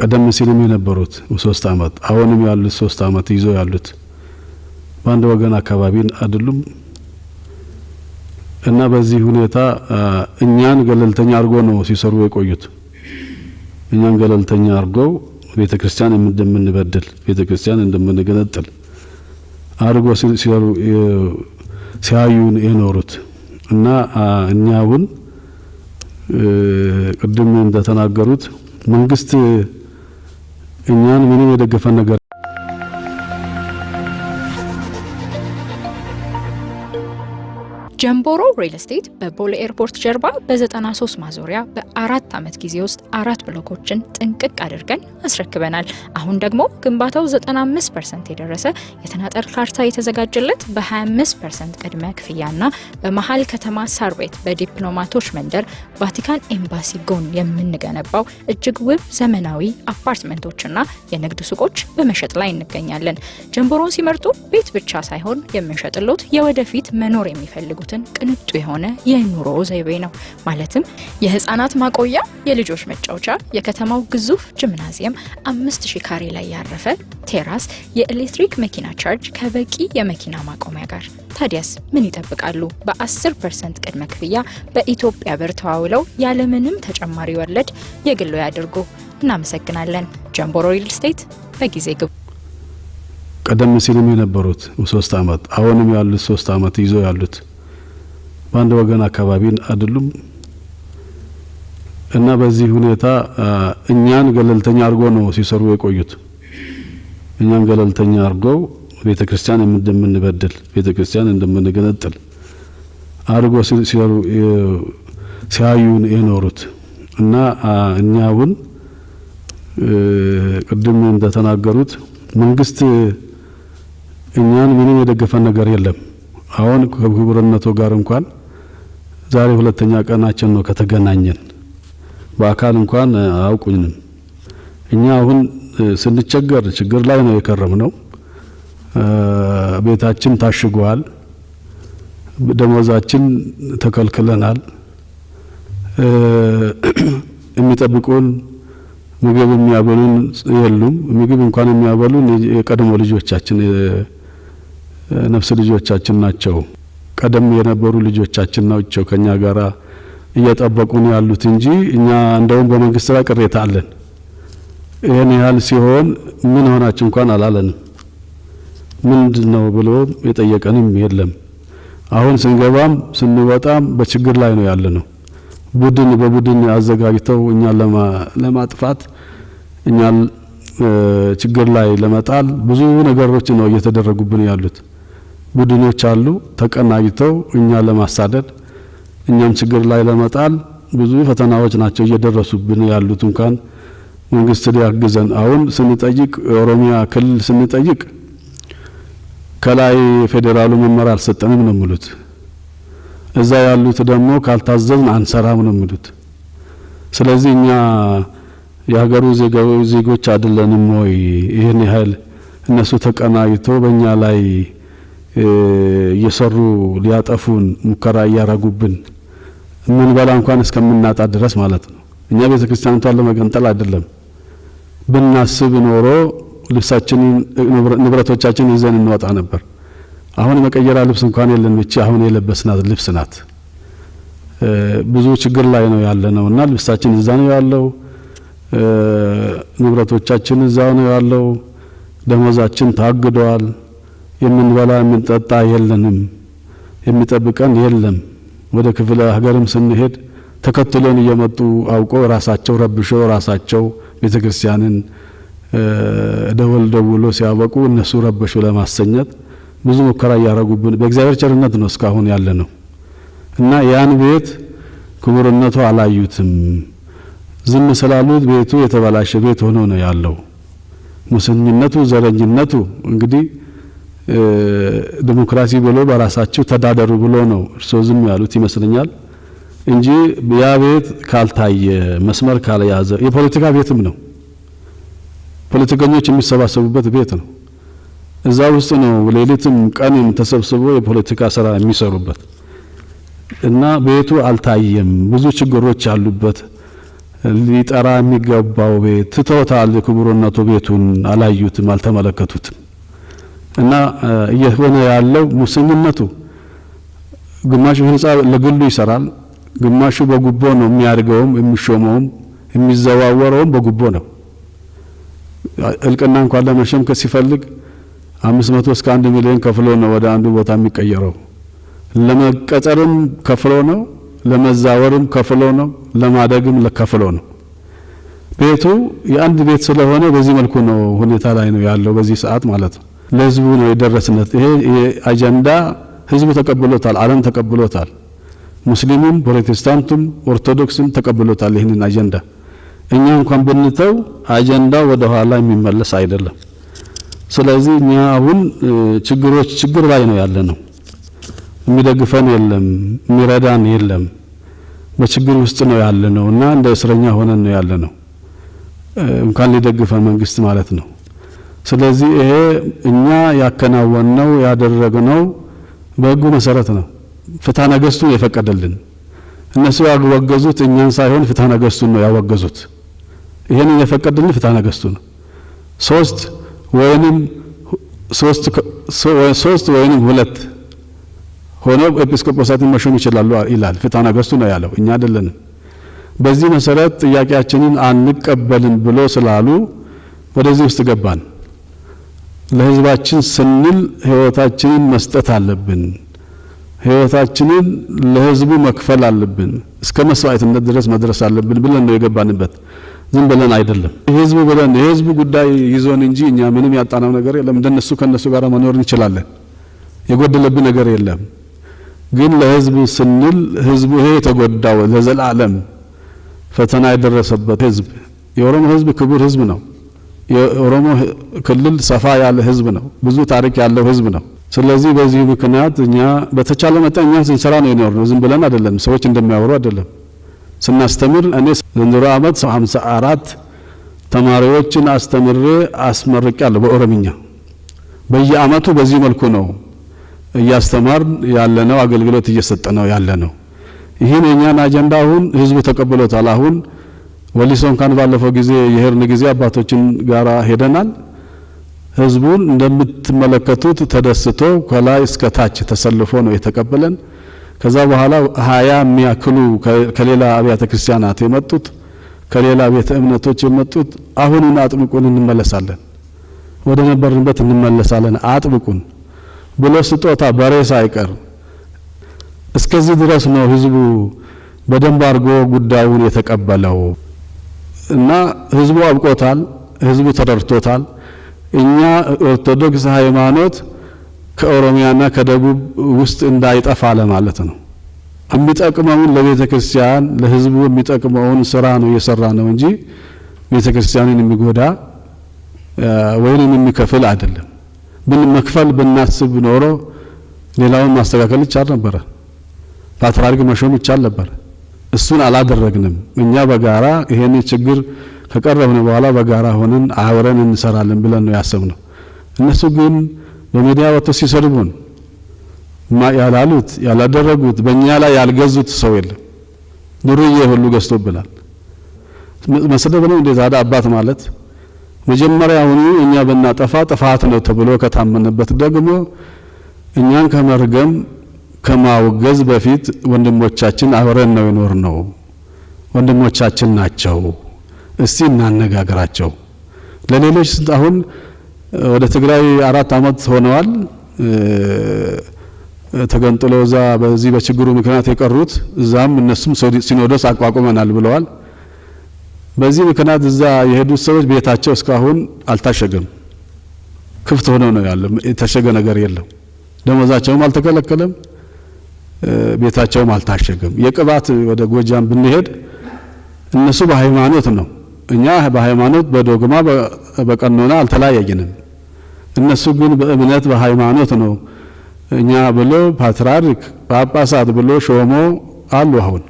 ቀደም ሲልም የነበሩት ሶስት አመት አሁንም ያሉት ሶስት አመት ይዞ ያሉት በአንድ ወገን አካባቢን አይደሉም እና በዚህ ሁኔታ እኛን ገለልተኛ አድርጎ ነው ሲሰሩ የቆዩት። እኛን ገለልተኛ አድርገው ቤተ ክርስቲያን እንደምንበድል፣ ቤተ ክርስቲያን እንደምንገነጥል አድርጎ ሲሰሩ ሲያዩን የኖሩት እና እኛውን ቅድም እንደተናገሩት መንግስት እኛን ምንም የደገፈን ነገር ጀምቦሮ ሪል ስቴት በቦሌ ኤርፖርት ጀርባ በ93 ማዞሪያ በአራት ዓመት ጊዜ ውስጥ አራት ብሎኮችን ጥንቅቅ አድርገን አስረክበናል። አሁን ደግሞ ግንባታው 95 ፐርሰንት የደረሰ የተናጠር ካርታ የተዘጋጀለት በ25 ፐርሰንት ቅድመ ክፍያና በመሀል ከተማ ሳር ቤት በዲፕሎማቶች መንደር ቫቲካን ኤምባሲ ጎን የምንገነባው እጅግ ውብ ዘመናዊ አፓርትመንቶችና የንግድ ሱቆች በመሸጥ ላይ እንገኛለን። ጀምቦሮን ሲመርጡ ቤት ብቻ ሳይሆን የምንሸጥሎት የወደፊት መኖር የሚፈልጉ የሚያደርጉትን ቅንጡ የሆነ የኑሮ ዘይቤ ነው። ማለትም የህፃናት ማቆያ፣ የልጆች መጫወቻ፣ የከተማው ግዙፍ ጅምናዚየም፣ አምስት ሺ ካሬ ላይ ያረፈ ቴራስ፣ የኤሌክትሪክ መኪና ቻርጅ ከበቂ የመኪና ማቆሚያ ጋር። ታዲያስ ምን ይጠብቃሉ? በ10 ፐርሰንት ቅድመ ክፍያ በኢትዮጵያ ብር ተዋውለው ያለምንም ተጨማሪ ወለድ የግሎ ያድርጉ። እናመሰግናለን። ጀምቦሮ ሪል ስቴት በጊዜ ግቡ። ቀደም ሲልም የነበሩት ሶስት አመት አሁንም ያሉት ሶስት አመት ይዞ ያሉት በአንድ ወገን አካባቢን አይደሉም እና በዚህ ሁኔታ እኛን ገለልተኛ አድርጎ ነው ሲሰሩ የቆዩት። እኛን ገለልተኛ አድርገው ቤተ ክርስቲያን እንደምንበድል፣ ቤተ ክርስቲያን እንደምንገነጥል አድርጎ ሲሰሩ ሲያዩን የኖሩት እና እኛውን ቅድም እንደተናገሩት መንግስት እኛን ምንም የደገፈን ነገር የለም። አሁን ከክቡርነቱ ጋር እንኳን ዛሬ ሁለተኛ ቀናችን ነው ከተገናኘን። በአካል እንኳን አያውቁኝም። እኛ አሁን ስንቸገር ችግር ላይ ነው የከረምነው። ቤታችን ታሽጓል፣ ደሞዛችን ተከልክለናል፣ የሚጠብቁን ምግብ የሚያበሉን የሉም። ምግብ እንኳን የሚያበሉን የቀድሞ ልጆቻችን ነፍስ ልጆቻችን ናቸው። ቀደም የነበሩ ልጆቻችን ናቸው ከኛ ጋር እየጠበቁ ነው ያሉት እንጂ እኛ እንደውም በመንግስት ላይ ቅሬታ አለን። ይህን ያህል ሲሆን ምን ሆናችሁ እንኳን አላለንም። ምንድን ነው ብሎ የጠየቀንም የለም። አሁን ስንገባም ስንወጣም በችግር ላይ ነው ያለ ነው። ቡድን በቡድን አዘጋጅተው እኛን ለማጥፋት እኛን ችግር ላይ ለመጣል ብዙ ነገሮች ነው እየተደረጉብን ያሉት። ቡድኖች አሉ ተቀናጅተው እኛ ለማሳደድ እኛም ችግር ላይ ለመጣል ብዙ ፈተናዎች ናቸው እየደረሱብን ያሉት። እንኳን መንግስት ሊያግዘን አሁን ስንጠይቅ የኦሮሚያ ክልል ስንጠይቅ ከላይ ፌዴራሉ መመሪያ አልሰጠንም ነው የሚሉት። እዛ ያሉት ደግሞ ካልታዘዝን አንሰራም ነው የሚሉት። ስለዚህ እኛ የሀገሩ ዜጎች አይደለንም ወይ? ይህን ያህል እነሱ ተቀናጅተው በእኛ ላይ እየሰሩ ሊያጠፉን ሙከራ እያረጉብን ምንበላ እንኳን እስከምናጣ ድረስ ማለት ነው። እኛ ቤተ ክርስቲያንቷን ለመገንጠል አይደለም ብናስብ ኖሮ ልብሳችንን ንብረቶቻችን ይዘን እንወጣ ነበር። አሁን መቀየራ ልብስ እንኳን የለን። እቺ አሁን የለበስናት ልብስ ናት። ብዙ ችግር ላይ ነው ያለ ነው እና ልብሳችን እዛ ነው ያለው፣ ንብረቶቻችን እዛ ነው ያለው፣ ደሞዛችን ታግደዋል። የምንበላ የምንጠጣ የለንም፣ የሚጠብቀን የለም። ወደ ክፍለ ሀገርም ስንሄድ ተከትሎን እየመጡ አውቆ ራሳቸው ረብሾ ራሳቸው ቤተ ክርስቲያንን ደወል ደውሎ ሲያበቁ እነሱ ረበሹ ለማሰኘት ብዙ ሙከራ እያረጉብን በእግዚአብሔር ቸርነት ነው እስካሁን ያለ ነው እና ያን ቤት ክቡርነቱ አላዩትም። ዝም ስላሉት ቤቱ የተበላሸ ቤት ሆኖ ነው ያለው። ሙስኝነቱ ዘረኝነቱ እንግዲህ ዲሞክራሲ ብሎ በራሳቸው ተዳደሩ ብሎ ነው እርስዎ ዝም ያሉት ይመስለኛል እንጂ ያ ቤት ካልታየ መስመር ካልያዘ የፖለቲካ ቤትም ነው። ፖለቲከኞች የሚሰባሰቡበት ቤት ነው። እዛ ውስጥ ነው ሌሊትም ቀንም ተሰብስቦ የፖለቲካ ስራ የሚሰሩበት እና ቤቱ አልታየም። ብዙ ችግሮች አሉበት። ሊጠራ የሚገባው ቤት ትተውታል። ክቡርነቱ ቤቱን አላዩትም፣ አልተመለከቱትም። እና እየሆነ ያለው ሙስኝነቱ ግማሹ ህንጻ ለግሉ ይሰራል፣ ግማሹ በጉቦ ነው የሚያድገውም የሚሾመውም የሚዘዋወረውም በጉቦ ነው። እልቅና እንኳን ለመሸም ሲፈልግ አምስት መቶ እስከ አንድ ሚሊዮን ከፍሎ ነው ወደ አንዱ ቦታ የሚቀየረው። ለመቀጠርም ከፍሎ ነው፣ ለመዛወርም ከፍሎ ነው፣ ለማደግም ከፍሎ ነው። ቤቱ የአንድ ቤት ስለሆነ በዚህ መልኩ ነው ሁኔታ ላይ ነው ያለው በዚህ ሰዓት ማለት ነው። ለህዝቡ ነው የደረስነት። ይሄ አጀንዳ ህዝቡ ተቀብሎታል፣ ዓለም ተቀብሎታል። ሙስሊሙም፣ ፕሮቴስታንቱም፣ ኦርቶዶክስም ተቀብሎታል ይህንን አጀንዳ። እኛ እንኳን ብንተው አጀንዳ ወደ ኋላ የሚመለስ አይደለም። ስለዚህ እኛ አሁን ችግሮች ችግር ላይ ነው ያለ ነው። የሚደግፈን የለም፣ የሚረዳን የለም። በችግር ውስጥ ነው ያለ ነው እና እንደ እስረኛ ሆነን ነው ያለ ነው። እንኳን ሊደግፈን መንግስት ማለት ነው ስለዚህ ይሄ እኛ ያከናወንነው ያደረግነው በህጉ መሰረት ነው። ፍትሐ ነገስቱን የፈቀደልን እነሱ ያወገዙት እኛን ሳይሆን ፍትሐ ነገስቱን ነው ያወገዙት። ይሄንን የፈቀደልን ፍትሐ ነገስቱ ነው። ሶስት ወይንም ሶስት ወይንም ሁለት ሆነው ኤጲስቆጶሳትን መሾም ይችላሉ ይላል ፍትሐ ነገስቱ ነው ያለው፣ እኛ አይደለንም። በዚህ መሰረት ጥያቄያችንን አንቀበልን ብሎ ስላሉ ወደዚህ ውስጥ ገባን። ለህዝባችን ስንል ህይወታችንን መስጠት አለብን። ህይወታችንን ለህዝቡ መክፈል አለብን። እስከ መስዋዕትነት ድረስ መድረስ አለብን ብለን ነው የገባንበት። ዝም ብለን አይደለም። የህዝቡ ብለን የህዝቡ ጉዳይ ይዞን እንጂ እኛ ምንም ያጣነው ነገር የለም። እንደነሱ ከነሱ ጋር መኖር እንችላለን። የጎደለብን ነገር የለም። ግን ለህዝቡ ስንል ህዝቡ ይሄ የተጎዳው ለዘላለም ፈተና የደረሰበት ህዝብ የኦሮሞ ህዝብ ክቡር ህዝብ ነው። የኦሮሞ ክልል ሰፋ ያለ ህዝብ ነው። ብዙ ታሪክ ያለው ህዝብ ነው። ስለዚህ በዚህ ምክንያት እኛ በተቻለ መጠን እኛ ስንሰራ ነው የኖርነው። ዝም ብለን አይደለም፣ ሰዎች እንደሚያወሩ አይደለም። ስናስተምር እኔ ዘንድሮ ሀምሳ 54 ተማሪዎችን አስተምሬ አስመርቂያለሁ በኦሮምኛ። በየአመቱ በዚህ መልኩ ነው እያስተማር ያለ ነው፣ አገልግሎት እየሰጠ ነው ያለ ነው። ይህን የእኛን አጀንዳ አሁን ህዝቡ ተቀብሎታል። አሁን ወሊሶን ካን ባለፈው ጊዜ የሄርን ጊዜ አባቶችን ጋራ ሄደናል። ህዝቡን እንደምትመለከቱት ተደስቶ ከላይ እስከ ታች ተሰልፎ ነው የተቀበለን። ከዛ በኋላ ሀያ የሚያክሉ ከሌላ አብያተ ክርስቲያናት የመጡት ከሌላ ቤተ እምነቶች የመጡት አሁኑን አጥብቁን እንመለሳለን፣ ወደ ነበርንበት እንመለሳለን፣ አጥብቁን ብሎ ስጦታ በሬ ሳይቀር እስከዚህ ድረስ ነው ህዝቡ በደንብ አድርጎ ጉዳዩን የተቀበለው። እና ህዝቡ አብቆታል፣ ህዝቡ ተረድቶታል። እኛ ኦርቶዶክስ ሃይማኖት ከኦሮሚያና ከደቡብ ውስጥ እንዳይጠፋ ለማለት ነው። የሚጠቅመውን ለቤተ ክርስቲያን ለህዝቡ የሚጠቅመውን ስራ ነው እየሰራ ነው እንጂ ቤተ ክርስቲያንን የሚጎዳ ወይንም የሚከፍል አይደለም። ብን መክፈል ብናስብ ኖሮ ሌላውን ማስተካከል ይቻል ነበረ። ፓትርያርክ መሾም ይቻል ነበረ። እሱን አላደረግንም። እኛ በጋራ ይሄን ችግር ከቀረብን በኋላ በጋራ ሆነን አብረን እንሰራለን ብለን ነው ያሰብነው። እነሱ ግን በሚዲያ ወጥተው ሲሰድቡን ያላሉት ያላደረጉት በእኛ ላይ ያልገዙት ሰው የለም። ዱርዬ ሁሉ ገዝቶብናል። መስደብ ነው እንዴ ዛዳ አባት ማለት? መጀመሪያውኑ እኛ ብናጠፋ ጥፋት ነው ተብሎ ከታመነበት ደግሞ እኛን ከመርገም ከማውገዝ በፊት ወንድሞቻችን አብረን ነው ይኖር ነው ወንድሞቻችን ናቸው። እስቲ እናነጋግራቸው። ለሌሎች አሁን ወደ ትግራይ አራት ዓመት ሆነዋል ተገንጥሎ እዛ በዚህ በችግሩ ምክንያት የቀሩት እዛም እነሱም ሲኖዶስ አቋቁመናል ብለዋል። በዚህ ምክንያት እዛ የሄዱት ሰዎች ቤታቸው እስካሁን አልታሸገም፣ ክፍት ሆነው ነው ያለ። የታሸገ ነገር የለም። ደሞዛቸውም አልተከለከለም። ቤታቸውም አልታሸገም። የቅባት ወደ ጎጃም ብንሄድ እነሱ በሃይማኖት ነው፣ እኛ በሃይማኖት በዶግማ በቀኖና አልተለያየንም። እነሱ ግን በእምነት በሃይማኖት ነው። እኛ ብሎ ፓትርያርክ ጳጳሳት ብሎ ሾሞ አሉ። አሁን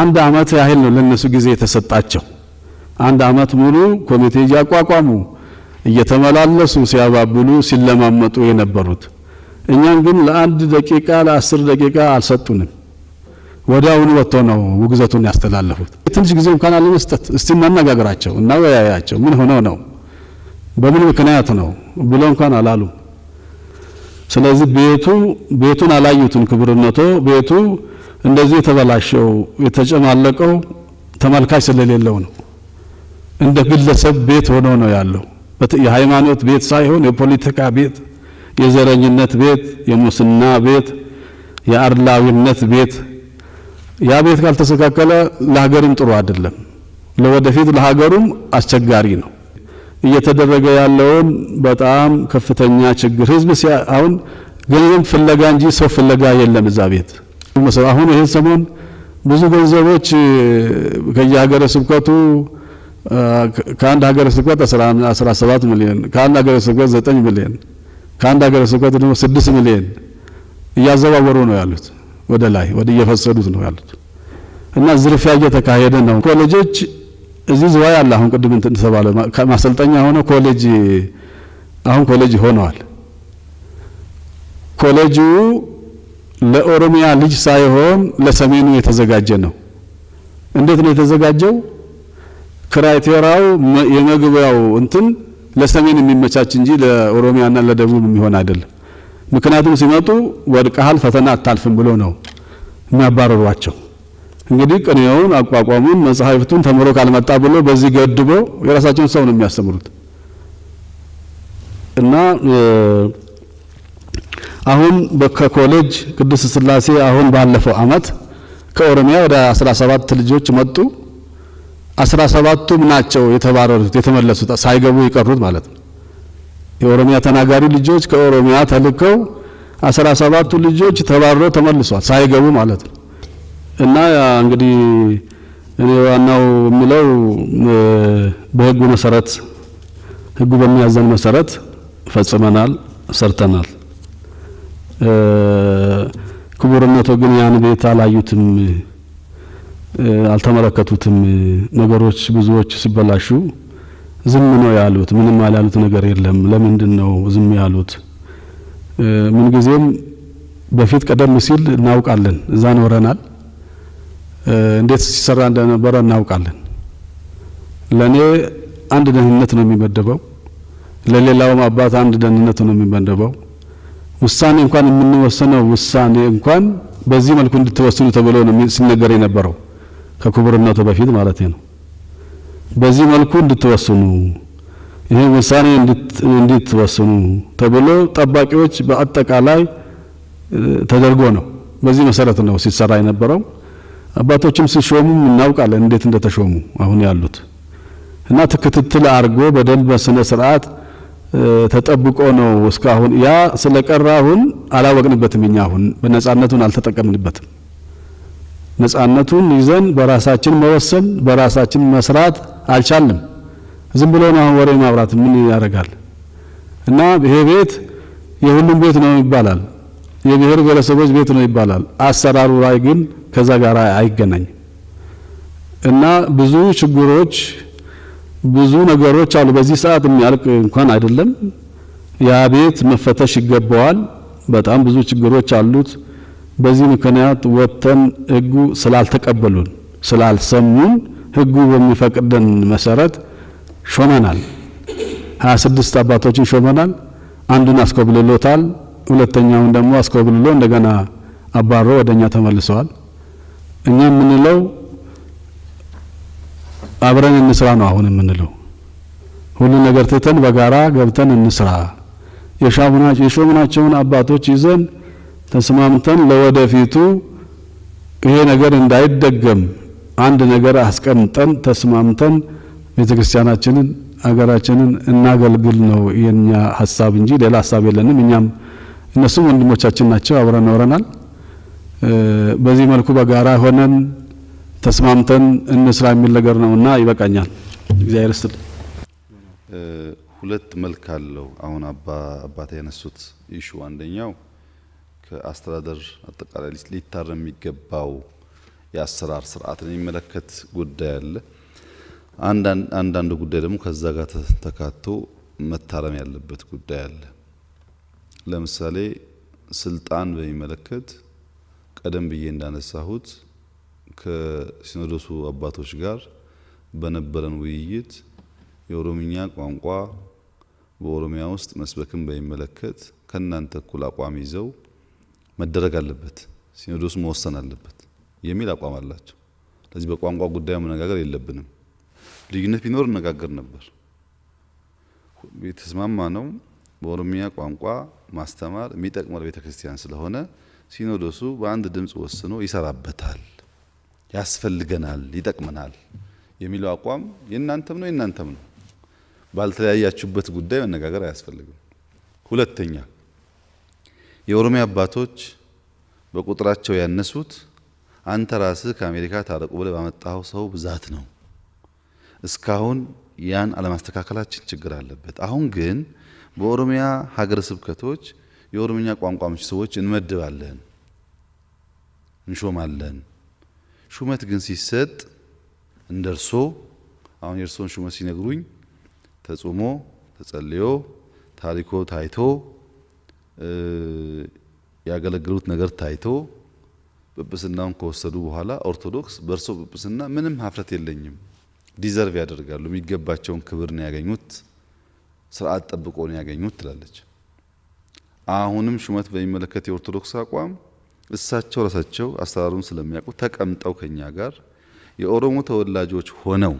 አንድ አመት ያህል ነው ለእነሱ ጊዜ የተሰጣቸው። አንድ አመት ሙሉ ኮሚቴ እያቋቋሙ እየተመላለሱ ሲያባብሉ ሲለማመጡ የነበሩት እኛን ግን ለአንድ ደቂቃ ለአስር ደቂቃ አልሰጡንም። ወዲያውኑ ወጥቶ ነው ውግዘቱን ያስተላለፉት። ትንሽ ጊዜ እንኳን አለመስጠት፣ እስቲ እናነጋግራቸው፣ እናወያያቸው፣ ምን ሆነው ነው፣ በምን ምክንያት ነው ብሎ እንኳን አላሉ። ስለዚህ ቤቱ ቤቱን አላዩትን ክቡርነቶ ቤቱ እንደዚህ የተበላሸው የተጨማለቀው ተመልካች ስለሌለው ነው። እንደ ግለሰብ ቤት ሆኖ ነው ያለው። የሃይማኖት ቤት ሳይሆን የፖለቲካ ቤት የዘረኝነት ቤት፣ የሙስና ቤት፣ የአድላዊነት ቤት ያ ቤት ካልተስተካከለ ለሀገርም ጥሩ አይደለም። ለወደፊት ለሀገሩም አስቸጋሪ ነው። እየተደረገ ያለውን በጣም ከፍተኛ ችግር ህዝብ አሁን ገንዘብ ፍለጋ እንጂ ሰው ፍለጋ የለም። እዛ ቤት አሁን ይሄ ሰሞን ብዙ ገንዘቦች ከየሀገረ ስብከቱ ከአንድ ሀገረ ስብከት 17 ሚሊዮን ከአንድ ሀገረ ስብከት 9 ሚሊዮን ከአንድ ሀገረ ስብከት ደግሞ ስድስት ሚሊዮን እያዘዋወሩ ነው ያሉት፣ ወደ ላይ ወደ እየፈሰዱት ነው ያሉት እና ዝርፊያ እየተካሄደ ነው። ኮሌጆች እዚህ ዝዋይ አለ። አሁን ቅድም እንትን ተባለ ማሰልጠኛ ሆነ ኮሌጅ አሁን ኮሌጅ ሆነዋል። ኮሌጁ ለኦሮሚያ ልጅ ሳይሆን ለሰሜኑ የተዘጋጀ ነው። እንዴት ነው የተዘጋጀው? ክራይቴራው የመግቢያው እንትን ለሰሜን የሚመቻች እንጂ ለኦሮሚያና ለደቡብ የሚሆን አይደለም። ምክንያቱም ሲመጡ ወድቀሃል፣ ፈተና አታልፍም ብሎ ነው የሚያባረሯቸው። እንግዲህ ቅኔውን፣ አቋቋሙን፣ መጽሐፍቱን ተምሮ ካልመጣ ብሎ በዚህ ገድቦ የራሳቸውን ሰው ነው የሚያስተምሩት እና አሁን ከኮሌጅ ቅድስት ስላሴ አሁን ባለፈው አመት ከኦሮሚያ ወደ 17 ልጆች መጡ። አስራ ሰባቱም ናቸው የተባረሩት የተመለሱት ሳይገቡ የቀሩት ማለት ነው። የኦሮሚያ ተናጋሪ ልጆች ከኦሮሚያ ተልከው አስራ ሰባቱ ልጆች ተባረው ተመልሷል ሳይገቡ ማለት ነው። እና እንግዲህ እኔ ዋናው የሚለው በህጉ መሰረት ህጉ በሚያዘን መሰረት ፈጽመናል፣ ሰርተናል። ክቡርነቶ ግን ያን ቤት አላዩትም። አልተመለከቱትም። ነገሮች ብዙዎች ሲበላሹ ዝም ነው ያሉት። ምንም ያላሉት ነገር የለም። ለምንድን ነው ዝም ያሉት? ምንጊዜም በፊት ቀደም ሲል እናውቃለን፣ እዛ ኖረናል፣ እንዴት ሲሰራ እንደነበረ እናውቃለን። ለእኔ አንድ ደህንነት ነው የሚመደበው፣ ለሌላውም አባት አንድ ደህንነት ነው የሚመደበው። ውሳኔ እንኳን የምንወሰነው ውሳኔ እንኳን በዚህ መልኩ እንድትወስኑ ተብሎ ነው ሲነገር የነበረው። ከክቡርነቱ በፊት ማለት ነው። በዚህ መልኩ እንድትወስኑ ይሄ ውሳኔ እንድትወስኑ ተብሎ ጠባቂዎች በአጠቃላይ ተደርጎ ነው። በዚህ መሰረት ነው ሲሰራ የነበረው። አባቶችም ሲሾሙ እናውቃለን እንዴት እንደተሾሙ አሁን ያሉት እና ክትትል አድርጎ በደንብ በስነ ስርዓት ተጠብቆ ነው እስካሁን። ያ ስለቀረ አሁን አላወቅንበትም፣ እኛ አሁን በነጻነቱን አልተጠቀምንበትም። ነፃነቱን ይዘን በራሳችን መወሰን በራሳችን መስራት አልቻልም። ዝም ብሎ ነው አሁን ወሬ ማብራት ምን ያደርጋል? እና ይሄ ቤት የሁሉም ቤት ነው ይባላል፣ የብሔር ብሔረሰቦች ቤት ነው ይባላል። አሰራሩ ላይ ግን ከዛ ጋር አይገናኝም። እና ብዙ ችግሮች ብዙ ነገሮች አሉ። በዚህ ሰዓት የሚያልቅ እንኳን አይደለም። ያ ቤት መፈተሽ ይገባዋል። በጣም ብዙ ችግሮች አሉት። በዚህ ምክንያት ወጥተን ህጉ ስላልተቀበሉን ስላልሰሙን ህጉ በሚፈቅደን መሰረት ሾመናል። ሀያ ስድስት አባቶችን ሾመናል። አንዱን አስኮብልሎታል። ሁለተኛውን ደግሞ አስኮብልሎ እንደገና አባሮ ወደኛ ተመልሰዋል። እኛ የምንለው አብረን እንስራ ነው። አሁን የምንለው ሁሉ ነገር ትተን በጋራ ገብተን እንስራ የሾምናቸውን አባቶች ይዘን ተስማምተን ለወደፊቱ ይሄ ነገር እንዳይደገም አንድ ነገር አስቀምጠን ተስማምተን ቤተ ክርስቲያናችንን አገራችንን እናገልግል ነው የኛ ሀሳብ እንጂ ሌላ ሀሳብ የለንም። እኛም እነሱም ወንድሞቻችን ናቸው፣ አብረን ኖረናል። በዚህ መልኩ በጋራ ሆነን ተስማምተን እንስራ የሚል ነገር ነውና ይበቃኛል። እግዚአብሔር ስል ሁለት መልክ አለው። አሁን አባ አባታ ያነሱት ይሹ አንደኛው ከአስተዳደር አጠቃላይ ሊታረም የሚገባው የአሰራር ስርዓትን የሚመለከት ጉዳይ አለ። አንዳንድ ጉዳይ ደግሞ ከዛ ጋር ተካቶ መታረም ያለበት ጉዳይ አለ። ለምሳሌ ስልጣን በሚመለከት ቀደም ብዬ እንዳነሳሁት ከሲኖዶሱ አባቶች ጋር በነበረን ውይይት የኦሮምኛ ቋንቋ በኦሮሚያ ውስጥ መስበክን በሚመለከት ከእናንተ እኩል አቋም ይዘው መደረግ አለበት፣ ሲኖዶስ መወሰን አለበት የሚል አቋም አላቸው። ስለዚህ በቋንቋ ጉዳይ መነጋገር የለብንም። ልዩነት ቢኖር እነጋገር ነበር። የተስማማ ነው በኦሮሚያ ቋንቋ ማስተማር የሚጠቅመው ቤተ ክርስቲያን ስለሆነ ሲኖዶሱ በአንድ ድምፅ ወስኖ ይሰራበታል፣ ያስፈልገናል፣ ይጠቅመናል የሚለው አቋም የእናንተም ነው የእናንተም ነው። ባልተለያያችሁበት ጉዳይ መነጋገር አያስፈልግም። ሁለተኛ የኦሮሚያ አባቶች በቁጥራቸው ያነሱት አንተ ራስህ ከአሜሪካ ታረቁ ብለህ ባመጣኸው ሰው ብዛት ነው። እስካሁን ያን አለማስተካከላችን ችግር አለበት። አሁን ግን በኦሮሚያ ሀገረ ስብከቶች የኦሮምኛ ቋንቋ ሰዎች እንመድባለን፣ እንሾማለን። ሹመት ግን ሲሰጥ እንደ እርሶ አሁን የእርሶን ሹመት ሲነግሩኝ ተጾሞ ተጸልዮ ታሪኮ ታይቶ ያገለግሉት ነገር ታይቶ ጵጵስናውን ከወሰዱ በኋላ ኦርቶዶክስ በእርሶ ጵጵስና ምንም ሀፍረት የለኝም፣ ዲዘርቭ ያደርጋሉ፣ የሚገባቸውን ክብር ነው ያገኙት፣ ስርዓት ጠብቆ ነው ያገኙት ትላለች። አሁንም ሹመት በሚመለከት የኦርቶዶክስ አቋም እሳቸው ራሳቸው አሰራሩን ስለሚያውቁ ተቀምጠው ከኛ ጋር የኦሮሞ ተወላጆች ሆነው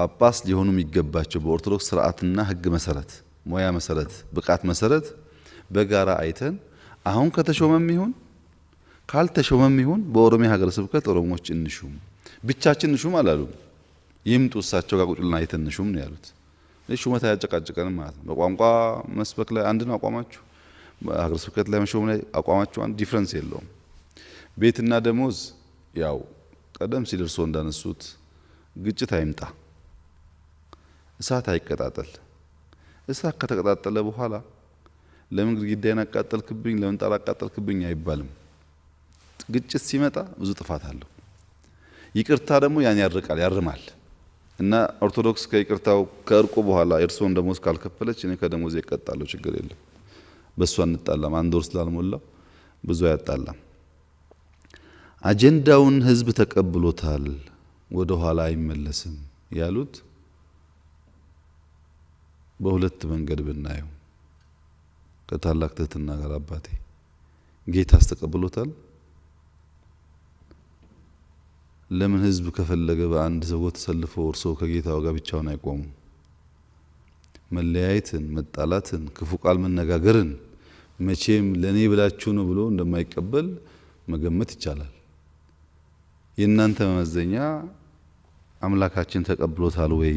ጳጳስ ሊሆኑ የሚገባቸው በኦርቶዶክስ ስርዓትና ሕግ መሰረት ሙያ መሰረት፣ ብቃት መሰረት በጋራ አይተን አሁን ከተሾመም ይሁን ካልተሾመም ይሁን በኦሮሚያ ሀገረ ስብከት ኦሮሞዎች እንሹም፣ ብቻችን እንሹም አላሉ። ይምጡ እሳቸው ጋር ቁጭ አይተን እንሹም ነው ያሉት። ሹመት አያጨቃጭቀንም ማለት ነው። በቋንቋ መስበክ ላይ አንድ ነው አቋማችሁ፣ ሀገረ ስብከት ላይ መሾም ላይ አቋማችሁ አንድ ዲፍረንስ የለውም። ቤትና ደሞዝ ያው ቀደም ሲል እርስዎ እንዳነሱት ግጭት አይምጣ፣ እሳት አይቀጣጠል እሳት ከተቀጣጠለ በኋላ ለምን ግድግዳዬን አቃጠልክብኝ፣ ለምን ጣራ አቃጠልክብኝ አይባልም። ግጭት ሲመጣ ብዙ ጥፋት አለው። ይቅርታ ደግሞ ያን ያርቃል፣ ያርማል እና ኦርቶዶክስ ከይቅርታው ከእርቁ በኋላ እርስዎን ደሞዝ ካልከፈለች እኔ ከደሞዝ ይቀጣለሁ፣ ችግር የለም በእሷ እንጣላም። አንድ ወር ስላልሞላው ብዙ አያጣላም። አጀንዳውን ህዝብ ተቀብሎታል፣ ወደ ኋላ አይመለስም ያሉት በሁለት መንገድ ብናየው ከታላቅ ትህትና ጋር አባቴ ጌታስ ተቀብሎታል። ለምን ህዝብ ከፈለገ በአንድ ዘውጎ ተሰልፎ እርሶ ከጌታው ጋር ብቻውን አይቆሙም? መለያየትን፣ መጣላትን፣ ክፉ ቃል መነጋገርን መቼም ለእኔ ብላችሁ ነው ብሎ እንደማይቀበል መገመት ይቻላል። የእናንተ መመዘኛ አምላካችን ተቀብሎታል ወይ?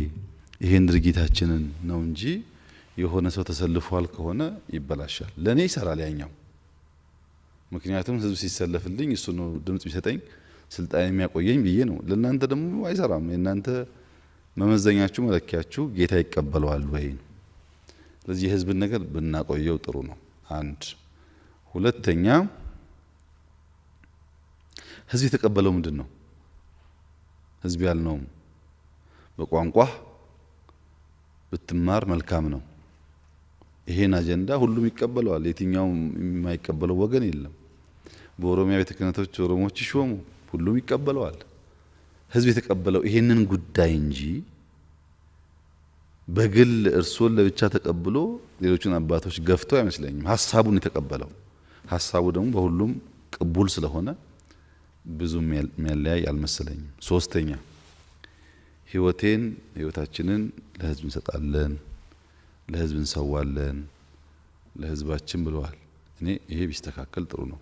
ይሄን ድርጊታችንን ነው እንጂ የሆነ ሰው ተሰልፏል ከሆነ ይበላሻል። ለእኔ ይሰራል ያኛው። ምክንያቱም ህዝብ ሲሰለፍልኝ እሱ ነው ድምፅ ቢሰጠኝ ስልጣን የሚያቆየኝ ብዬ ነው። ለእናንተ ደግሞ አይሰራም። የእናንተ መመዘኛችሁ መለኪያችሁ ጌታ ይቀበለዋል ወይ ነው። ስለዚህ የህዝብን ነገር ብናቆየው ጥሩ ነው። አንድ ሁለተኛ፣ ህዝብ የተቀበለው ምንድን ነው? ህዝብ ያልነውም በቋንቋ ብትማር መልካም ነው። ይሄን አጀንዳ ሁሉም ይቀበለዋል። የትኛውም የማይቀበለው ወገን የለም። በኦሮሚያ ቤተ ክህነቶች ኦሮሞዎች ይሾሙ፣ ሁሉም ይቀበለዋል። ህዝብ የተቀበለው ይሄንን ጉዳይ እንጂ በግል እርሶን ለብቻ ተቀብሎ ሌሎችን አባቶች ገፍተው አይመስለኝም። ሀሳቡን የተቀበለው ሀሳቡ ደግሞ በሁሉም ቅቡል ስለሆነ ብዙ የሚያለያይ አልመሰለኝም። ሶስተኛ ህይወቴን ህይወታችንን ለህዝብ እንሰጣለን፣ ለህዝብ እንሰዋለን፣ ለህዝባችን ብለዋል። እኔ ይሄ ቢስተካከል ጥሩ ነው።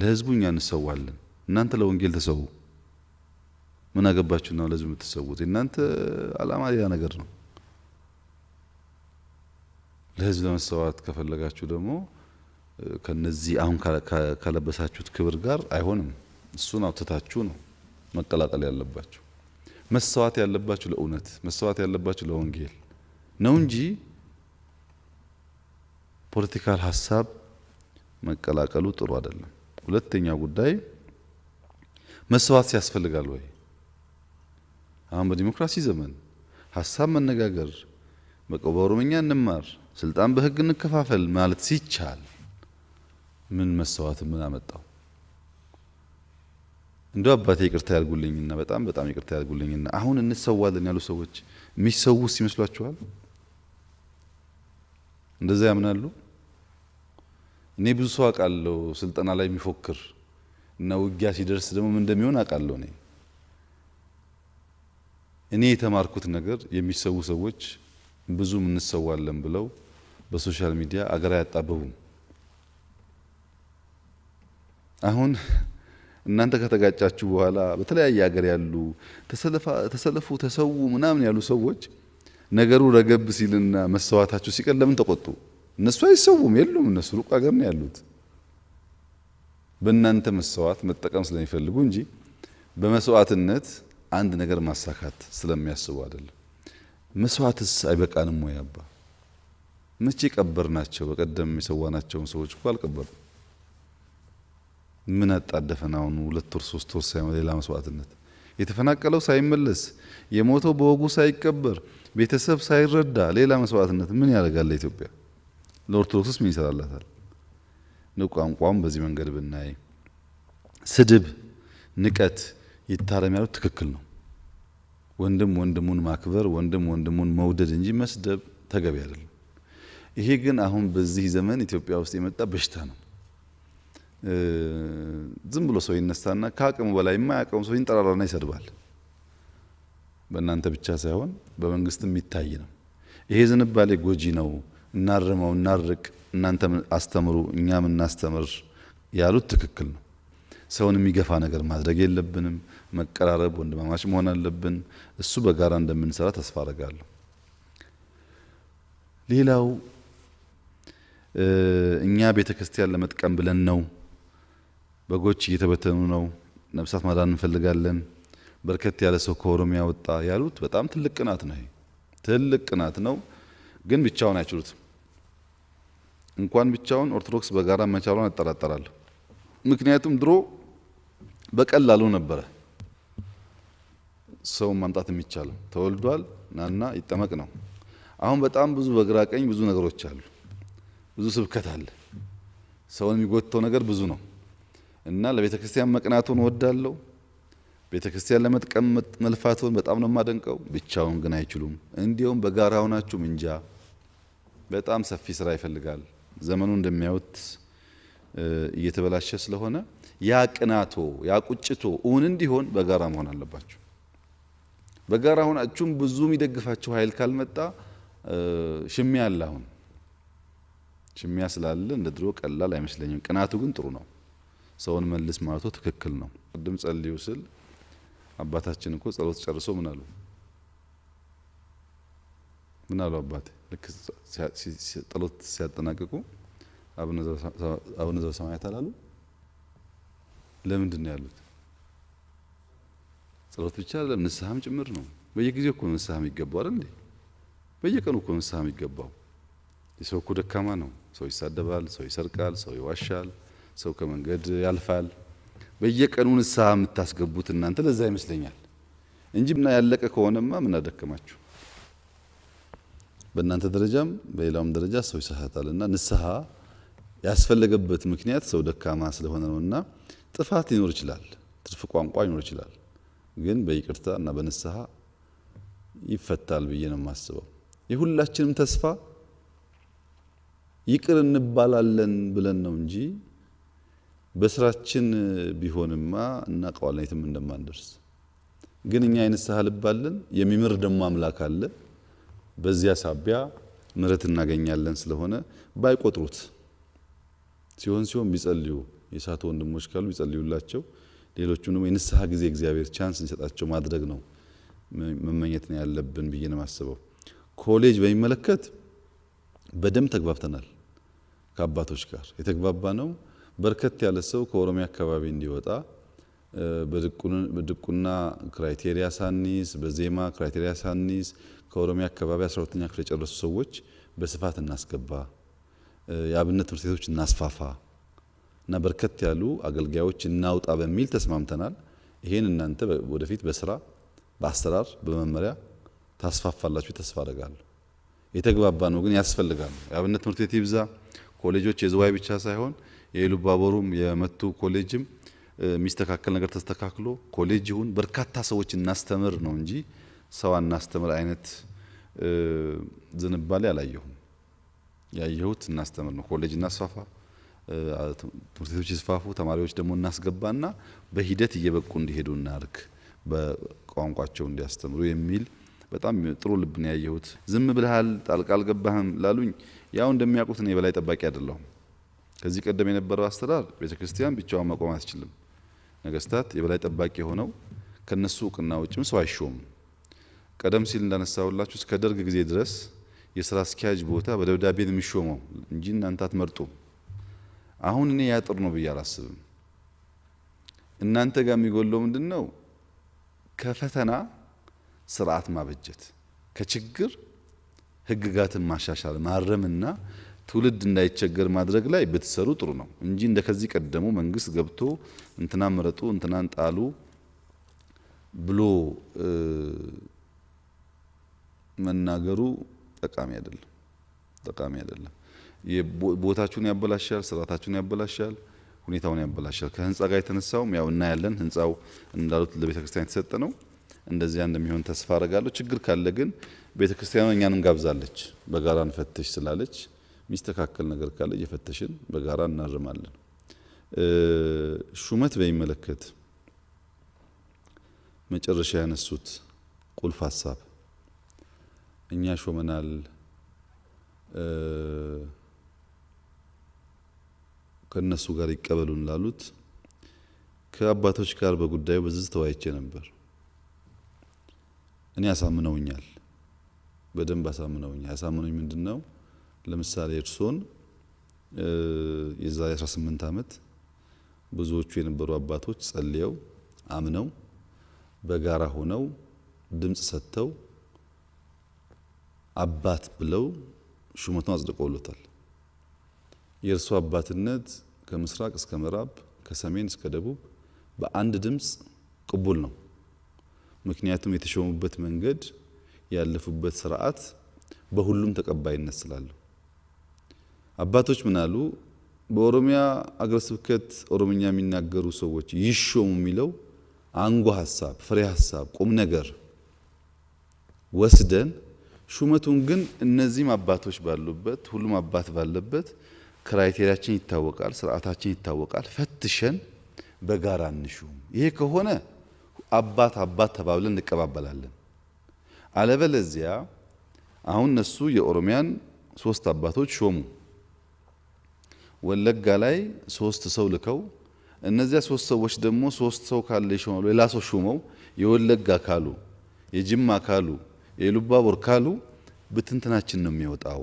ለህዝቡ እኛ እንሰዋለን፣ እናንተ ለወንጌል ተሰዉ። ምን አገባችሁ ነው ለህዝብ የምትሰዉት? እናንተ አላማ ሌላ ነገር ነው። ለህዝብ ለመሰዋት ከፈለጋችሁ ደግሞ ከነዚህ አሁን ከለበሳችሁት ክብር ጋር አይሆንም። እሱን አውጥታችሁ ነው መቀላቀል ያለባችሁ። መሰዋት ያለባችሁ ለእውነት መሰዋት ያለባችሁ ለወንጌል ነው እንጂ ፖለቲካል ሀሳብ መቀላቀሉ ጥሩ አይደለም። ሁለተኛ ጉዳይ መስዋዕት ያስፈልጋል ወይ? አሁን በዲሞክራሲ ዘመን ሀሳብ መነጋገር በኦሮምኛ እንማር፣ ስልጣን በህግ እንከፋፈል ማለት ሲቻል ምን መስዋዕት ምን አመጣው? እንደ አባቴ ይቅርታ ያድርጉልኝና በጣም በጣም ይቅርታ ያድርጉልኝና አሁን እንሰዋለን ያሉ ሰዎች የሚሰውስ ይመስሏችኋል? እንደዛ ያምናሉ? እኔ ብዙ ሰው አውቃለሁ ስልጠና ላይ የሚፎክር እና ውጊያ ሲደርስ ደግሞ ምን እንደሚሆን አውቃለሁ። እኔ እኔ የተማርኩት ነገር የሚሰው ሰዎች ብዙም እንሰዋለን ብለው በሶሻል ሚዲያ አገር አያጣበቡም። አሁን እናንተ ከተጋጫችሁ በኋላ በተለያየ ሀገር ያሉ ተሰለፉ፣ ተሰዉ ምናምን ያሉ ሰዎች ነገሩ ረገብ ሲልና መሰዋታችሁ ሲቀር ለምን ተቆጡ? እነሱ አይሰውም የሉም። እነሱ ሩቅ ሀገር ነው ያሉት። በእናንተ መሰዋት መጠቀም ስለሚፈልጉ እንጂ በመስዋዕትነት አንድ ነገር ማሳካት ስለሚያስቡ አይደለም። መስዋዕትስ አይበቃንም ወይ አባ? መቼ ቀበር ናቸው? በቀደም የሰዋናቸውን ሰዎች እኮ አልቀበሩም። ምን አጣደፈን? አሁን ሁለት ወር ሶስት ወር ሳይሆን ሌላ መስዋዕትነት፣ የተፈናቀለው ሳይመለስ የሞተው በወጉ ሳይቀበር ቤተሰብ ሳይረዳ ሌላ መስዋዕትነት ምን ያደርጋል? ኢትዮጵያ? ለኦርቶዶክስስ ምን ይሰራላታል? ቋንቋም በዚህ መንገድ ብናይ ስድብ፣ ንቀት ይታረም ያሉት ትክክል ነው። ወንድም ወንድሙን ማክበር፣ ወንድም ወንድሙን መውደድ እንጂ መስደብ ተገቢ አይደለም። ይሄ ግን አሁን በዚህ ዘመን ኢትዮጵያ ውስጥ የመጣ በሽታ ነው። ዝም ብሎ ሰው ይነሳና ከአቅሙ በላይ የማያቀሙ ሰው ይንጠራራና ይሰድባል። በእናንተ ብቻ ሳይሆን በመንግስትም የሚታይ ነው። ይሄ ዝንባሌ ጎጂ ነው። እናርመው፣ እናርቅ፣ እናንተ አስተምሩ፣ እኛም እናስተምር ያሉት ትክክል ነው። ሰውን የሚገፋ ነገር ማድረግ የለብንም። መቀራረብ፣ ወንድማማች መሆን አለብን። እሱ በጋራ እንደምንሰራ ተስፋ አረጋለሁ። ሌላው እኛ ቤተ ክርስቲያን ለመጥቀም ብለን ነው በጎች እየተበተኑ ነው፣ ነብሳት ማዳን እንፈልጋለን፣ በርከት ያለ ሰው ከኦሮሚያ ወጣ ያሉት በጣም ትልቅ ቅናት ነው። ትልቅ ቅናት ነው፣ ግን ብቻውን አይችሉትም። እንኳን ብቻውን ኦርቶዶክስ በጋራ መቻሏን እጠራጠራለሁ። ምክንያቱም ድሮ በቀላሉ ነበረ ሰው ማምጣት የሚቻለው ተወልዷል ናና ይጠመቅ ነው። አሁን በጣም ብዙ በግራ ቀኝ ብዙ ነገሮች አሉ፣ ብዙ ስብከት አለ። ሰውን የሚጎትተው ነገር ብዙ ነው። እና ለቤተ ክርስቲያን መቅናቱን ወዳለው ቤተ ክርስቲያን ለመጥቀመጥ መልፋቱን በጣም ነው የማደንቀው። ብቻውን ግን አይችሉም። እንዲሁም በጋራ ሆናችሁ ምንጃ በጣም ሰፊ ስራ ይፈልጋል። ዘመኑ እንደሚያዩት እየተበላሸ ስለሆነ ያ ቅናቶ ያ ቁጭቶ እውን እንዲሆን በጋራ መሆን አለባችሁ። በጋራ ሆናችሁም ብዙ የሚደግፋችሁ ኃይል ካልመጣ ሽሚያ አለ። አሁን ሽሚያ ስላለ እንደ ድሮ ቀላል አይመስለኝም። ቅናቱ ግን ጥሩ ነው። ሰውን መልስ ማለቱ ትክክል ነው። ቅድም ጸልዩ ስል አባታችን እኮ ጸሎት ጨርሶ ምን አሉ? ምን አሉ አባቴ? ልክ ጸሎት ሲያጠናቅቁ አቡነ ዘበሰማያት አላሉ? ለምንድን ነው ያሉት? ጸሎት ብቻ አይደለም ንስሐም ጭምር ነው። በየጊዜው እኮ ንስሐም የሚገባው አይደል እንዴ? በየቀኑ እኮ ንስሐም የሚገባው የሰው እኮ ደካማ ነው። ሰው ይሳደባል፣ ሰው ይሰርቃል፣ ሰው ይዋሻል፣ ሰው ከመንገድ ያልፋል። በየቀኑ ንስሐ የምታስገቡት እናንተ ለዛ ይመስለኛል እንጂ ምና ያለቀ ከሆነማ ምን አደከማችሁ? በእናንተ ደረጃም በሌላውም ደረጃ ሰው ይሳሳታል እና ንስሐ ያስፈለገበት ምክንያት ሰው ደካማ ስለሆነ ነው። እና ጥፋት ሊኖር ይችላል፣ ትርፍ ቋንቋ ሊኖር ይችላል። ግን በይቅርታ እና በንስሐ ይፈታል ብዬ ነው የማስበው። የሁላችንም ተስፋ ይቅር እንባላለን ብለን ነው እንጂ በስራችን ቢሆንማ እናውቀዋለን የትም እንደማንደርስ። ግን እኛ የንስሐ ልብ አለን፣ የሚምር ደግሞ አምላክ አለ። በዚያ ሳቢያ ምሕረት እናገኛለን። ስለሆነ ባይቆጥሩት ሲሆን ሲሆን ቢጸልዩ የሳቱ ወንድሞች ካሉ ቢጸልዩላቸው፣ ሌሎችም ደግሞ የንስሐ ጊዜ እግዚአብሔር ቻንስ እንሰጣቸው ማድረግ ነው መመኘት ነው ያለብን ብዬ ነው የማስበው። ኮሌጅ በሚመለከት በደንብ ተግባብተናል ከአባቶች ጋር የተግባባ ነው። በርከት ያለ ሰው ከኦሮሚያ አካባቢ እንዲወጣ በድቁና ክራይቴሪያ ሳኒስ በዜማ ክራይቴሪያ ሳኒስ ከኦሮሚያ አካባቢ 12ኛ ክፍል የጨረሱ ሰዎች በስፋት እናስገባ፣ የአብነት ትምህርት ቤቶች እናስፋፋ እና በርከት ያሉ አገልጋዮች እናውጣ በሚል ተስማምተናል። ይሄን እናንተ ወደፊት በስራ በአሰራር በመመሪያ ታስፋፋላችሁ ተስፋ አደርጋለሁ። የተግባባ ነው ግን ያስፈልጋል። የአብነት ትምህርት ቤት ይብዛ፣ ኮሌጆች የዝዋይ ብቻ ሳይሆን የኢሉባቦሩም የመቱ ኮሌጅም የሚስተካከል ነገር ተስተካክሎ ኮሌጅ ይሁን በርካታ ሰዎች እናስተምር ነው እንጂ ሰው አናስተምር አይነት ዝንባሌ አላየሁም። ያየሁት እናስተምር ነው። ኮሌጅ እናስፋፋ፣ ትምህርት ቤቶች ይስፋፉ፣ ተማሪዎች ደግሞ እናስገባና በሂደት እየበቁ እንዲሄዱ እናርግ፣ በቋንቋቸው እንዲያስተምሩ የሚል በጣም ጥሩ ልብ ነው ያየሁት። ዝም ብልሃል ጣልቃ አልገባህም ላሉኝ ያው እንደሚያውቁት እኔ በላይ ጠባቂ አይደለሁም። ከዚህ ቀደም የነበረው አሰራር ቤተ ክርስቲያን ብቻዋን መቆም አትችልም። ነገስታት የበላይ ጠባቂ የሆነው ከነሱ እውቅና ውጭም ሰው አይሾም። ቀደም ሲል እንዳነሳሁላችሁ እስከ ደርግ ጊዜ ድረስ የስራ አስኪያጅ ቦታ በደብዳቤ ነው የሚሾመው እንጂ እናንተ አትመርጡ አሁን እኔ ያጥር ነው ብዬ አላስብም። እናንተ ጋር የሚጎለው ምንድን ነው? ከፈተና ስርዓት ማበጀት፣ ከችግር ህግጋትን ማሻሻል ማረምና ትውልድ እንዳይቸገር ማድረግ ላይ ብትሰሩ ጥሩ ነው እንጂ እንደ ከዚህ ቀደሙ መንግስት ገብቶ እንትና ምረጡ እንትናን ጣሉ ብሎ መናገሩ ጠቃሚ አይደለም። ጠቃሚ አይደለም። ቦታችሁን ያበላሻል፣ ስርዓታችሁን ያበላሻል፣ ሁኔታውን ያበላሻል። ከህንፃ ጋር የተነሳውም ያው እናያለን ህንፃው እንዳሉት ለቤተ ክርስቲያን የተሰጠ ነው። እንደዚያ እንደሚሆን ተስፋ አረጋለሁ። ችግር ካለ ግን ቤተ ክርስቲያኗ እኛን እንጋብዛለች፣ በጋራ እንፈትሽ ስላለች የሚስተካከል ነገር ካለ እየፈተሽን በጋራ እናርማለን። ሹመት በሚመለከት መጨረሻ ያነሱት ቁልፍ ሀሳብ እኛ ሾመናል ከእነሱ ጋር ይቀበሉን ላሉት ከአባቶች ጋር በጉዳዩ በዝዝ ተወያይቼ ነበር። እኔ አሳምነውኛል፣ በደንብ አሳምነውኛል። ያሳምነኝ ምንድን ነው ለምሳሌ እርሶን የዛሬ 18 ዓመት ብዙዎቹ የነበሩ አባቶች ጸልየው አምነው በጋራ ሆነው ድምፅ ሰጥተው አባት ብለው ሹመቱን አጽድቀውሎታል። የእርሱ አባትነት ከምስራቅ እስከ ምዕራብ ከሰሜን እስከ ደቡብ በአንድ ድምፅ ቅቡል ነው። ምክንያቱም የተሾሙበት መንገድ ያለፉበት ስርዓት በሁሉም ተቀባይነት ስላለው አባቶች ምን አሉ? በኦሮሚያ አገረ ስብከት ኦሮምኛ የሚናገሩ ሰዎች ይሾሙ የሚለው አንጎ ሀሳብ፣ ፍሬ ሀሳብ፣ ቁም ነገር ወስደን ሹመቱን ግን እነዚህም አባቶች ባሉበት ሁሉም አባት ባለበት ክራይቴሪያችን ይታወቃል፣ ስርዓታችን ይታወቃል። ፈትሸን በጋራ እንሹም። ይሄ ከሆነ አባት አባት ተባብለን እንቀባበላለን። አለበለዚያ አሁን እነሱ የኦሮሚያን ሶስት አባቶች ሾሙ። ወለጋ ላይ ሶስት ሰው ልከው እነዚያ ሶስት ሰዎች ደግሞ ሶስት ሰው ካለ ይሾማሉ ሌላ ሰው ሹመው የወለጋ ካሉ የጅማ ካሉ የሉባቦር ካሉ ብትንትናችን ነው የሚወጣው።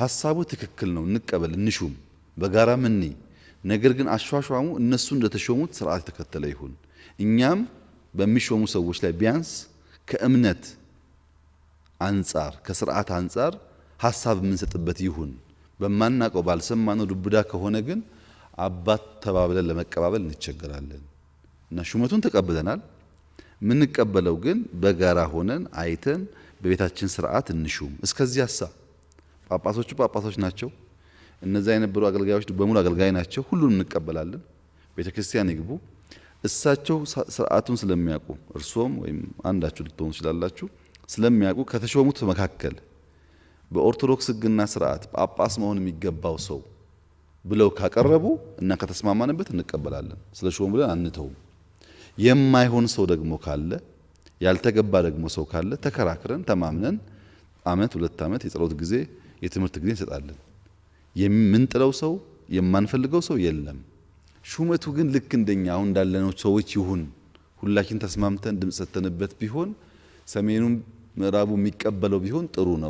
ሀሳቡ ትክክል ነው፣ እንቀበል፣ እንሹም፣ በጋራ ምኒ። ነገር ግን አሿሿሙ እነሱ እንደተሾሙት ስርዓት የተከተለ ይሁን። እኛም በሚሾሙ ሰዎች ላይ ቢያንስ ከእምነት አንጻር ከስርዓት አንጻር ሀሳብ የምንሰጥበት ይሁን። በማናቀው ባልሰማነው ዱብዳ ከሆነ ግን አባት ተባብለን ለመቀባበል እንቸገራለን እና ሹመቱን ተቀብለናል። የምንቀበለው ግን በጋራ ሆነን አይተን በቤታችን ስርዓት እንሹም። እስከዚህ ሀሳ ጳጳሶቹ ጳጳሶች ናቸው። እነዚያ የነበሩ አገልጋዮች በሙሉ አገልጋይ ናቸው። ሁሉን እንቀበላለን። ቤተ ክርስቲያን ይግቡ። እሳቸው ስርዓቱን ስለሚያውቁ እርሶም ወይም አንዳችሁ ልትሆኑ ትችላላችሁ ስለሚያውቁ ከተሾሙት መካከል በኦርቶዶክስ ሕግና ስርዓት ጳጳስ መሆን የሚገባው ሰው ብለው ካቀረቡ እና ከተስማማንበት እንቀበላለን። ስለ ሾም ብለን አንተውም። የማይሆን ሰው ደግሞ ካለ ያልተገባ ደግሞ ሰው ካለ ተከራክረን ተማምነን አመት ሁለት አመት የጸሎት ጊዜ የትምህርት ጊዜ እንሰጣለን። የምንጥለው ሰው የማንፈልገው ሰው የለም። ሹመቱ ግን ልክ እንደኛ አሁን እንዳለነው ሰዎች ይሁን ሁላችን ተስማምተን ድምፅ ሰተንበት ቢሆን ሰሜኑም ምዕራቡ የሚቀበለው ቢሆን ጥሩ ነው።